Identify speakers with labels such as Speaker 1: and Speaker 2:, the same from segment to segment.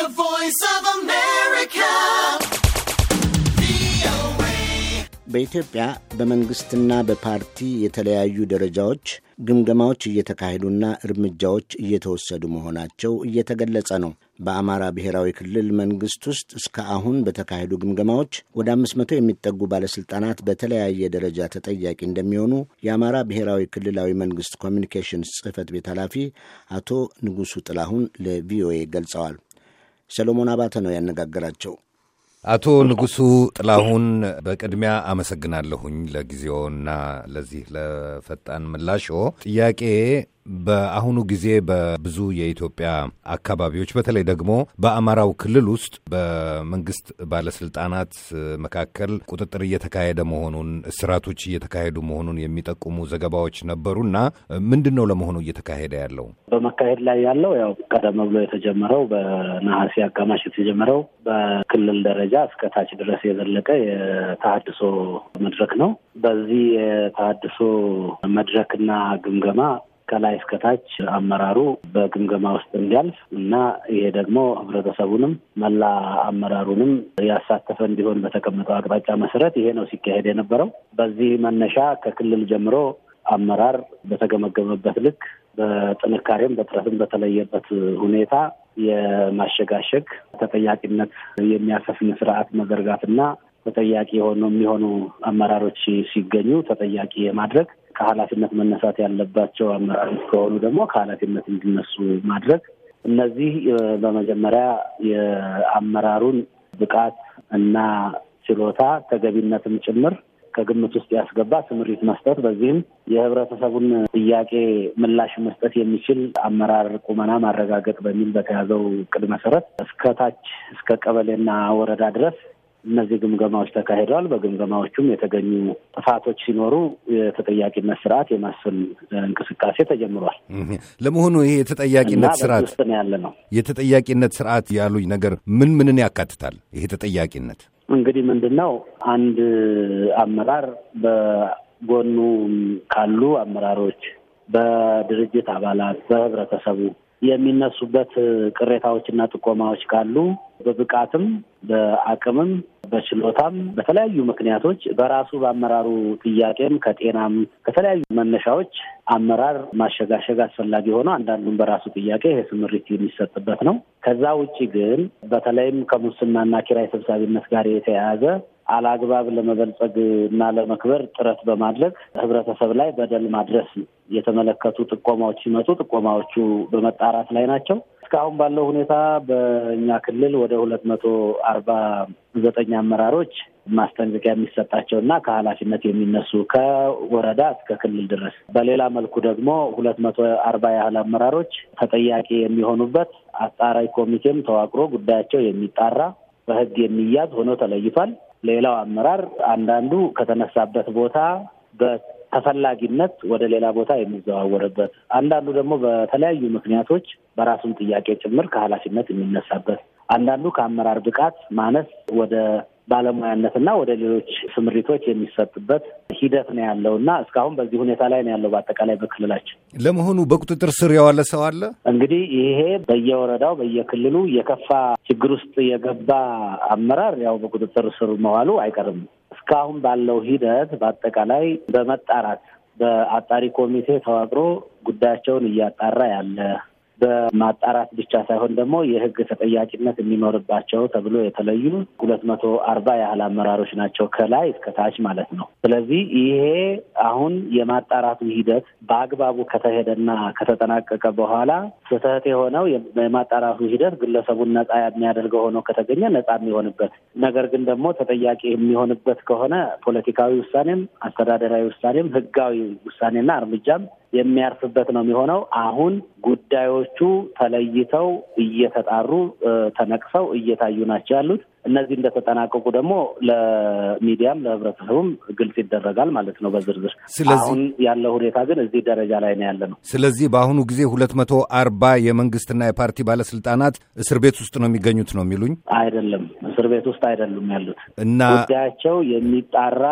Speaker 1: The Voice of America. በኢትዮጵያ በመንግስትና በፓርቲ የተለያዩ ደረጃዎች ግምገማዎች እየተካሄዱና እርምጃዎች እየተወሰዱ መሆናቸው እየተገለጸ ነው። በአማራ ብሔራዊ ክልል መንግስት ውስጥ እስከ አሁን በተካሄዱ ግምገማዎች ወደ አምስት መቶ የሚጠጉ ባለስልጣናት በተለያየ ደረጃ ተጠያቂ እንደሚሆኑ የአማራ ብሔራዊ ክልላዊ መንግስት ኮሚኒኬሽንስ ጽህፈት ቤት ኃላፊ አቶ ንጉሱ ጥላሁን ለቪኦኤ ገልጸዋል። ሰሎሞን አባተ ነው ያነጋገራቸው።
Speaker 2: አቶ ንጉሱ ጥላሁን በቅድሚያ አመሰግናለሁኝ ለጊዜውና ለዚህ ለፈጣን ምላሾ። ጥያቄ በአሁኑ ጊዜ በብዙ የኢትዮጵያ አካባቢዎች በተለይ ደግሞ በአማራው ክልል ውስጥ በመንግስት ባለስልጣናት መካከል ቁጥጥር እየተካሄደ መሆኑን፣ እስራቶች እየተካሄዱ መሆኑን የሚጠቁሙ ዘገባዎች ነበሩና ምንድን ነው ለመሆኑ እየተካሄደ ያለው?
Speaker 1: በመካሄድ ላይ ያለው ያው ቀደም ብሎ የተጀመረው በነሐሴ አጋማሽ የተጀመረው በክልል ደረጃ እስከ ታች ድረስ የዘለቀ የተሃድሶ መድረክ ነው። በዚህ የተሃድሶ መድረክና ግምገማ ከላይ እስከታች አመራሩ በግምገማ ውስጥ እንዲያልፍ እና ይሄ ደግሞ ህብረተሰቡንም መላ አመራሩንም ያሳተፈ እንዲሆን በተቀመጠው አቅጣጫ መሰረት ይሄ ነው ሲካሄድ የነበረው። በዚህ መነሻ ከክልል ጀምሮ አመራር በተገመገመበት ልክ በጥንካሬም በጥረትም በተለየበት ሁኔታ የማሸጋሸግ ተጠያቂነት የሚያሰፍን ስርዓት መዘርጋትና ተጠያቂ የሆኑ የሚሆኑ አመራሮች ሲገኙ ተጠያቂ የማድረግ ከኃላፊነት መነሳት ያለባቸው አመራሮች ከሆኑ ደግሞ ከኃላፊነት እንዲነሱ ማድረግ እነዚህ በመጀመሪያ የአመራሩን ብቃት እና ችሎታ ተገቢነትም ጭምር ከግምት ውስጥ ያስገባ ስምሪት መስጠት፣ በዚህም የህብረተሰቡን ጥያቄ ምላሽ መስጠት የሚችል አመራር ቁመና ማረጋገጥ በሚል በተያዘው እቅድ መሰረት እስከታች እስከ ቀበሌና ወረዳ ድረስ እነዚህ ግምገማዎች ተካሂደዋል። በግምገማዎቹም የተገኙ ጥፋቶች ሲኖሩ የተጠያቂነት ስርዓት የማስፈን እንቅስቃሴ ተጀምሯል።
Speaker 2: ለመሆኑ ይሄ የተጠያቂነት ስርዓት ውስጥ ያለ ነው። የተጠያቂነት ስርዓት ያሉኝ ነገር ምን ምንን ያካትታል? ይሄ ተጠያቂነት
Speaker 1: እንግዲህ ምንድን ነው? አንድ አመራር በጎኑ ካሉ አመራሮች፣ በድርጅት አባላት፣ በህብረተሰቡ የሚነሱበት ቅሬታዎችና ጥቆማዎች ካሉ በብቃትም በአቅምም በችሎታም በተለያዩ ምክንያቶች በራሱ በአመራሩ ጥያቄም ከጤናም ከተለያዩ መነሻዎች አመራር ማሸጋሸግ አስፈላጊ ሆኖ አንዳንዱም በራሱ ጥያቄ ይሄ ስምሪት የሚሰጥበት ነው። ከዛ ውጭ ግን በተለይም ከሙስናና ኪራይ ሰብሳቢነት ጋር የተያያዘ አላግባብ ለመበልጸግ እና ለመክበር ጥረት በማድረግ ህብረተሰብ ላይ በደል ማድረስ ነው። የተመለከቱ ጥቆማዎች ሲመጡ ጥቆማዎቹ በመጣራት ላይ ናቸው። እስካሁን ባለው ሁኔታ በእኛ ክልል ወደ ሁለት መቶ አርባ ዘጠኝ አመራሮች ማስጠንቀቂያ የሚሰጣቸው እና ከኃላፊነት የሚነሱ ከወረዳ እስከ ክልል ድረስ። በሌላ መልኩ ደግሞ ሁለት መቶ አርባ ያህል አመራሮች ተጠያቂ የሚሆኑበት አጣራይ ኮሚቴም ተዋቅሮ ጉዳያቸው የሚጣራ በህግ የሚያዝ ሆኖ ተለይቷል። ሌላው አመራር አንዳንዱ ከተነሳበት ቦታ በተፈላጊነት ወደ ሌላ ቦታ የሚዘዋወርበት፣ አንዳንዱ ደግሞ በተለያዩ ምክንያቶች በራሱን ጥያቄ ጭምር ከኃላፊነት የሚነሳበት፣ አንዳንዱ ከአመራር ብቃት ማነስ ወደ እና ወደ ሌሎች ስምሪቶች የሚሰጥበት ሂደት ነው ያለው እና እስካሁን በዚህ ሁኔታ ላይ ነው ያለው። በአጠቃላይ በክልላችን
Speaker 2: ለመሆኑ በቁጥጥር ስር የዋለ ሰው አለ?
Speaker 1: እንግዲህ ይሄ በየወረዳው በየክልሉ የከፋ ችግር ውስጥ የገባ አመራር ያው በቁጥጥር ስር መዋሉ አይቀርም። እስካሁን ባለው ሂደት በአጠቃላይ በመጣራት በአጣሪ ኮሚቴ ተዋቅሮ ጉዳያቸውን እያጣራ ያለ በማጣራት ብቻ ሳይሆን ደግሞ የህግ ተጠያቂነት የሚኖርባቸው ተብሎ የተለዩ ሁለት መቶ አርባ ያህል አመራሮች ናቸው ከላይ እስከ ታች ማለት ነው። ስለዚህ ይሄ አሁን የማጣራቱ ሂደት በአግባቡ ከተሄደና ከተጠናቀቀ በኋላ ስህተት የሆነው የማጣራቱ ሂደት ግለሰቡን ነጻ የሚያደርገው ሆኖ ከተገኘ ነጻ የሚሆንበት ነገር ግን ደግሞ ተጠያቂ የሚሆንበት ከሆነ ፖለቲካዊ ውሳኔም፣ አስተዳደራዊ ውሳኔም፣ ህጋዊ ውሳኔና እርምጃም የሚያርፍበት ነው የሚሆነው። አሁን ጉዳዮቹ ተለይተው እየተጣሩ ተነቅሰው እየታዩ ናቸው ያሉት። እነዚህ እንደተጠናቀቁ ደግሞ ለሚዲያም ለህብረተሰቡም ግልጽ ይደረጋል ማለት ነው በዝርዝር። ስለዚህ አሁን ያለው ሁኔታ ግን እዚህ ደረጃ ላይ ነው ያለ
Speaker 2: ነው። ስለዚህ በአሁኑ ጊዜ ሁለት መቶ አርባ የመንግስትና የፓርቲ ባለስልጣናት እስር ቤት ውስጥ ነው የሚገኙት ነው የሚሉኝ?
Speaker 1: አይደለም፣ እስር ቤት ውስጥ አይደሉም ያሉት እና ጉዳያቸው የሚጣራ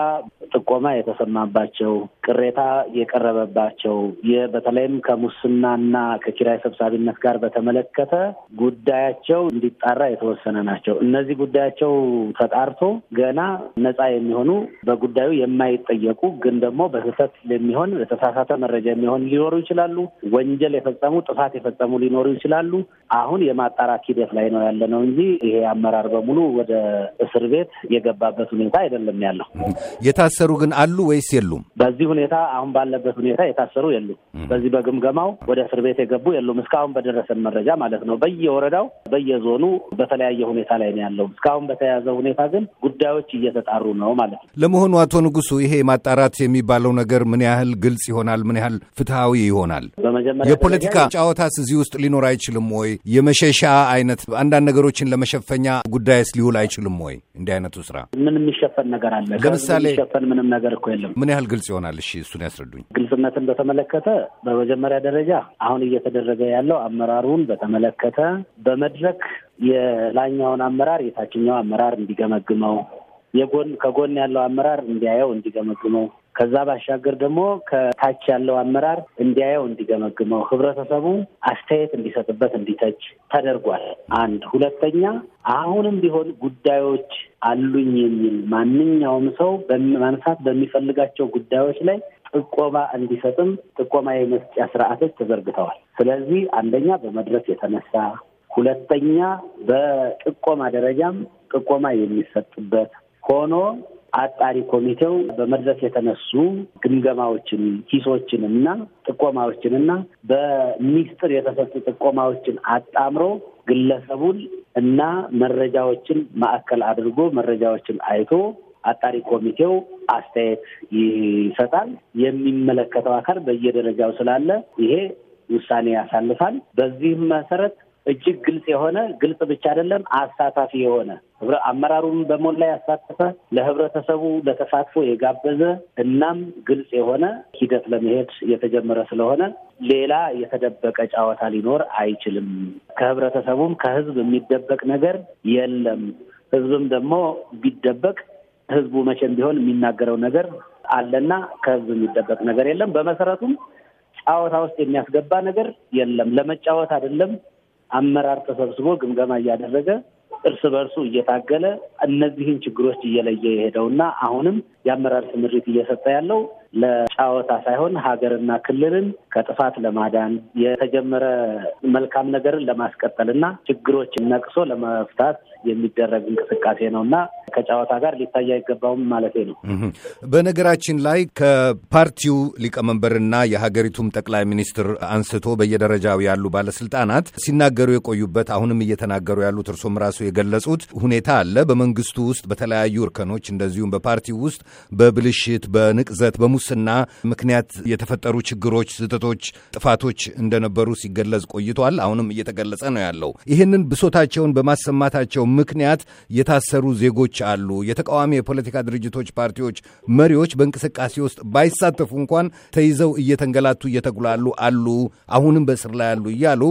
Speaker 1: ጥቆማ የተሰማባቸው ቅሬታ የቀረበባቸው በተለይም ከሙስናና ከኪራይ ሰብሳቢነት ጋር በተመለከተ ጉዳያቸው እንዲጣራ የተወሰነ ናቸው። እነዚህ ጉዳያቸው ተጣርቶ ገና ነፃ የሚሆኑ በጉዳዩ የማይጠየቁ ግን ደግሞ በስህተት የሚሆን የተሳሳተ መረጃ የሚሆን ሊኖሩ ይችላሉ። ወንጀል የፈጸሙ ጥፋት የፈጸሙ ሊኖሩ ይችላሉ። አሁን የማጣራት ሂደት ላይ ነው ያለ ነው እንጂ ይሄ አመራር በሙሉ ወደ እስር ቤት የገባበት ሁኔታ አይደለም ያለው።
Speaker 2: የታሰሩ ግን አሉ ወይስ የሉም?
Speaker 1: በዚህ ሁኔታ አሁን ባለበት ሁኔታ የታሰሩ የሉም። በዚህ በግምገማው ወደ እስር ቤት የገቡ የሉም። እስካሁን በደረሰን መረጃ ማለት ነው። በየወረዳው በየዞኑ በተለያየ ሁኔታ ላይ ነው ያለው። እስካሁን በተያያዘ ሁኔታ ግን ጉዳዮች እየተጣሩ ነው ማለት ነው።
Speaker 2: ለመሆኑ አቶ ንጉሱ ይሄ ማጣራት የሚባለው ነገር ምን ያህል ግልጽ ይሆናል? ምን ያህል ፍትሐዊ ይሆናል?
Speaker 1: በመጀመሪያ የፖለቲካ
Speaker 2: ጨዋታስ እዚህ ውስጥ ሊኖር አይችልም ወይ? የመሸሻ አይነት አንዳንድ ነገሮችን ለመሸፈኛ ጉዳይስ ሊውል አይችልም ወይ? እንዲህ አይነቱ ስራ
Speaker 1: ምን የሚሸፈን ነገር አለ? ለምሳሌ የሚሸፈን ምንም ነገር እኮ የለም።
Speaker 2: ምን ያህል ግልጽ ይሆናል? እሺ እሱን ያስረዱኝ።
Speaker 1: ግልጽነትን በተመለከተ በመጀመሪያ ደረጃ አሁን እየተደረገ ያለው አመራሩን በተመለከተ በመድረክ የላይኛውን አመራር የታችኛው አመራር እንዲገመግመው የጎን ከጎን ያለው አመራር እንዲያየው እንዲገመግመው ከዛ ባሻገር ደግሞ ከታች ያለው አመራር እንዲያየው እንዲገመግመው ህብረተሰቡ አስተያየት እንዲሰጥበት እንዲተች ተደርጓል። አንድ ሁለተኛ፣ አሁንም ቢሆን ጉዳዮች አሉኝ የሚል ማንኛውም ሰው በማንሳት በሚፈልጋቸው ጉዳዮች ላይ ጥቆማ እንዲሰጥም ጥቆማ የመስጫ ስርዓቶች ተዘርግተዋል። ስለዚህ አንደኛ በመድረስ የተነሳ ሁለተኛ በጥቆማ ደረጃም ጥቆማ የሚሰጥበት ሆኖ አጣሪ ኮሚቴው በመድረስ የተነሱ ግምገማዎችን፣ ሂሶችን እና ጥቆማዎችን እና በሚስጥር የተሰጡ ጥቆማዎችን አጣምሮ ግለሰቡን እና መረጃዎችን ማዕከል አድርጎ መረጃዎችን አይቶ አጣሪ ኮሚቴው አስተያየት ይሰጣል። የሚመለከተው አካል በየደረጃው ስላለ ይሄ ውሳኔ ያሳልፋል። በዚህም መሰረት እጅግ ግልጽ የሆነ ግልጽ ብቻ አይደለም አሳታፊ የሆነ አመራሩን በሞላ ያሳተፈ ለህብረተሰቡ ለተሳትፎ የጋበዘ እናም ግልጽ የሆነ ሂደት ለመሄድ የተጀመረ ስለሆነ ሌላ የተደበቀ ጨዋታ ሊኖር አይችልም። ከህብረተሰቡም ከህዝብ የሚደበቅ ነገር የለም። ህዝብም ደግሞ ቢደበቅ ህዝቡ መቼም ቢሆን የሚናገረው ነገር አለና ከህዝብ የሚደበቅ ነገር የለም። በመሰረቱም ጨዋታ ውስጥ የሚያስገባ ነገር የለም። ለመጫወት አይደለም አመራር ተሰብስቦ ግምገማ እያደረገ እርስ በእርሱ እየታገለ እነዚህን ችግሮች እየለየ የሄደው እና አሁንም የአመራር ስምሪት እየሰጠ ያለው ለጫወታ ሳይሆን ሀገርና ክልልን ከጥፋት ለማዳን የተጀመረ መልካም ነገርን ለማስቀጠል እና ችግሮችን ነቅሶ ለመፍታት የሚደረግ እንቅስቃሴ ነው እና ከጨዋታ ጋር ሊታይ አይገባውም ማለት ነው።
Speaker 2: በነገራችን ላይ ከፓርቲው ሊቀመንበርና የሀገሪቱም ጠቅላይ ሚኒስትር አንስቶ በየደረጃው ያሉ ባለስልጣናት ሲናገሩ የቆዩበት አሁንም እየተናገሩ ያሉት እርሶም ራሱ የገለጹት ሁኔታ አለ። በመንግስቱ ውስጥ በተለያዩ እርከኖች እንደዚሁም በፓርቲው ውስጥ በብልሽት፣ በንቅዘት፣ በሙስና ምክንያት የተፈጠሩ ችግሮች፣ ስህተቶች፣ ጥፋቶች እንደነበሩ ሲገለጽ ቆይቷል። አሁንም እየተገለጸ ነው ያለው። ይህንን ብሶታቸውን በማሰማታቸው ምክንያት የታሰሩ ዜጎች አሉ። የተቃዋሚ የፖለቲካ ድርጅቶች፣ ፓርቲዎች መሪዎች በእንቅስቃሴ ውስጥ ባይሳተፉ እንኳን ተይዘው እየተንገላቱ እየተጉላሉ አሉ፣ አሁንም በእስር ላይ አሉ እያሉ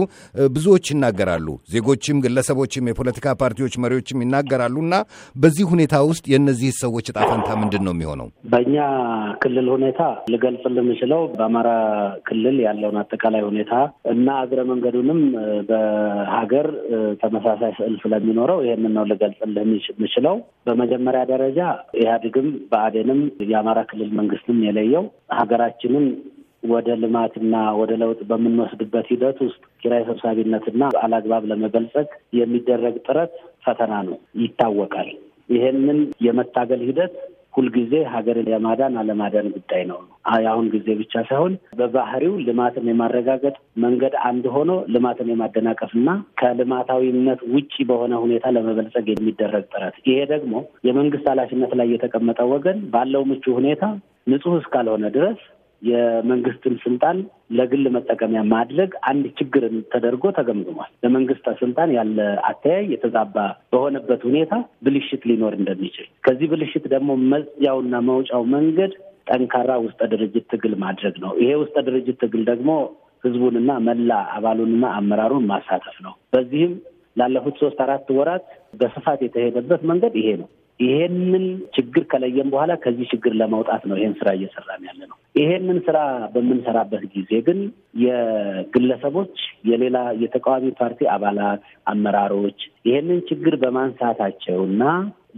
Speaker 2: ብዙዎች ይናገራሉ። ዜጎችም፣ ግለሰቦችም፣ የፖለቲካ ፓርቲዎች መሪዎችም ይናገራሉ። እና በዚህ ሁኔታ ውስጥ የእነዚህ ሰዎች እጣ ፈንታ ምንድን ነው የሚሆነው?
Speaker 1: በእኛ ክልል ሁኔታ ልገልጽ የምችለው በአማራ ክልል ያለውን አጠቃላይ ሁኔታ እና እግረ መንገዱንም በሀገር ተመሳሳይ ስዕል ስለሚኖረው ይህንን ነው ልገልጽልህ የምችለው። በመጀመሪያ ደረጃ ኢህአዴግም በአደንም የአማራ ክልል መንግስትም የለየው ሀገራችንን ወደ ልማትና ወደ ለውጥ በምንወስድበት ሂደት ውስጥ ኪራይ ሰብሳቢነትና አላግባብ ለመበልጸግ የሚደረግ ጥረት ፈተና ነው፣ ይታወቃል። ይሄንን የመታገል ሂደት ሁልጊዜ ሀገርን የማዳን አለማዳን ጉዳይ ነው። የአሁን ጊዜ ብቻ ሳይሆን በባህሪው ልማትን የማረጋገጥ መንገድ አንድ ሆኖ ልማትን የማደናቀፍና ከልማታዊነት ውጪ በሆነ ሁኔታ ለመበልጸግ የሚደረግ ጥረት ይሄ ደግሞ የመንግስት ኃላፊነት ላይ የተቀመጠ ወገን ባለው ምቹ ሁኔታ ንጹህ እስካልሆነ ድረስ የመንግስትን ስልጣን ለግል መጠቀሚያ ማድረግ አንድ ችግር ተደርጎ ተገምግሟል። ለመንግስት ስልጣን ያለ አተያይ የተዛባ በሆነበት ሁኔታ ብልሽት ሊኖር እንደሚችል ከዚህ ብልሽት ደግሞ መጽያውና መውጫው መንገድ ጠንካራ ውስጠ ድርጅት ትግል ማድረግ ነው። ይሄ ውስጠ ድርጅት ትግል ደግሞ ህዝቡንና መላ አባሉንና አመራሩን ማሳተፍ ነው። በዚህም ላለፉት ሶስት አራት ወራት በስፋት የተሄደበት መንገድ ይሄ ነው። ይሄንን ችግር ከለየም በኋላ ከዚህ ችግር ለመውጣት ነው ይሄን ስራ እየሰራን ያለ ነው። ይሄንን ስራ በምንሰራበት ጊዜ ግን የግለሰቦች የሌላ የተቃዋሚ ፓርቲ አባላት፣ አመራሮች ይሄንን ችግር በማንሳታቸው እና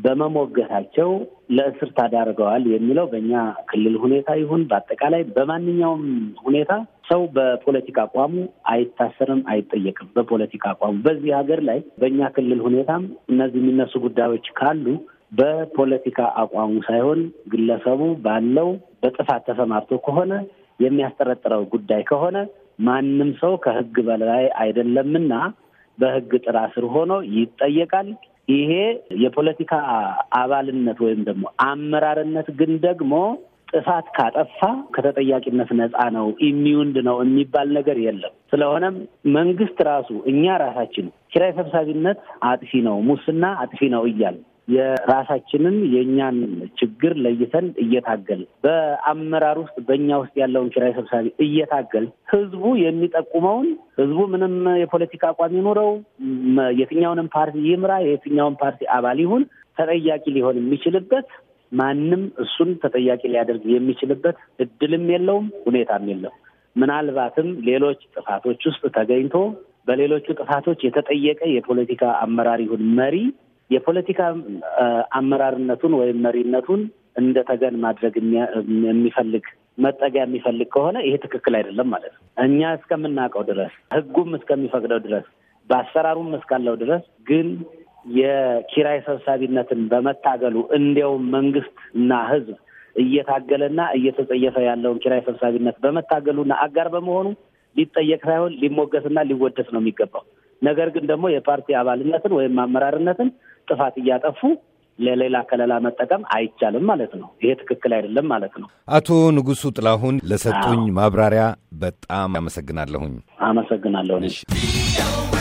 Speaker 1: በመሞገታቸው ለእስር ተዳርገዋል የሚለው በእኛ ክልል ሁኔታ ይሁን በአጠቃላይ በማንኛውም ሁኔታ ሰው በፖለቲካ አቋሙ አይታሰርም፣ አይጠየቅም። በፖለቲካ አቋሙ በዚህ ሀገር ላይ በእኛ ክልል ሁኔታም እነዚህ የሚነሱ ጉዳዮች ካሉ በፖለቲካ አቋሙ ሳይሆን ግለሰቡ ባለው በጥፋት ተሰማርቶ ከሆነ የሚያስጠረጥረው ጉዳይ ከሆነ ማንም ሰው ከሕግ በላይ አይደለምና በሕግ ጥራ ስር ሆኖ ይጠየቃል። ይሄ የፖለቲካ አባልነት ወይም ደግሞ አመራርነት ግን ደግሞ ጥፋት ካጠፋ ከተጠያቂነት ነፃ ነው ኢሚውንድ ነው የሚባል ነገር የለም። ስለሆነም መንግስት ራሱ እኛ ራሳችን ኪራይ ሰብሳቢነት አጥፊ ነው፣ ሙስና አጥፊ ነው እያል የራሳችንን የእኛን ችግር ለይተን እየታገል በአመራር ውስጥ በእኛ ውስጥ ያለውን ኪራይ ሰብሳቢ እየታገል ህዝቡ የሚጠቁመውን ህዝቡ ምንም የፖለቲካ አቋም ይኑረው፣ የትኛውንም ፓርቲ ይምራ፣ የትኛውን ፓርቲ አባል ይሁን ተጠያቂ ሊሆን የሚችልበት ማንም እሱን ተጠያቂ ሊያደርግ የሚችልበት እድልም የለውም፣ ሁኔታም የለው። ምናልባትም ሌሎች ጥፋቶች ውስጥ ተገኝቶ በሌሎቹ ጥፋቶች የተጠየቀ የፖለቲካ አመራር ይሁን መሪ የፖለቲካ አመራርነቱን ወይም መሪነቱን እንደ ተገን ማድረግ የሚፈልግ መጠጊያ የሚፈልግ ከሆነ ይሄ ትክክል አይደለም ማለት ነው። እኛ እስከምናውቀው ድረስ ህጉም እስከሚፈቅደው ድረስ በአሰራሩም እስካለው ድረስ ግን የኪራይ ሰብሳቢነትን በመታገሉ እንዲያውም መንግስት እና ሕዝብ እየታገለና እየተጸየፈ ያለውን ኪራይ ሰብሳቢነት በመታገሉና አጋር በመሆኑ ሊጠየቅ ሳይሆን ሊሞገስና ሊወደስ ነው የሚገባው። ነገር ግን ደግሞ የፓርቲ አባልነትን ወይም አመራርነትን ጥፋት እያጠፉ ለሌላ ከለላ መጠቀም አይቻልም ማለት ነው። ይሄ ትክክል አይደለም ማለት ነው።
Speaker 2: አቶ ንጉሱ ጥላሁን ለሰጡኝ ማብራሪያ በጣም አመሰግናለሁኝ። አመሰግናለሁ።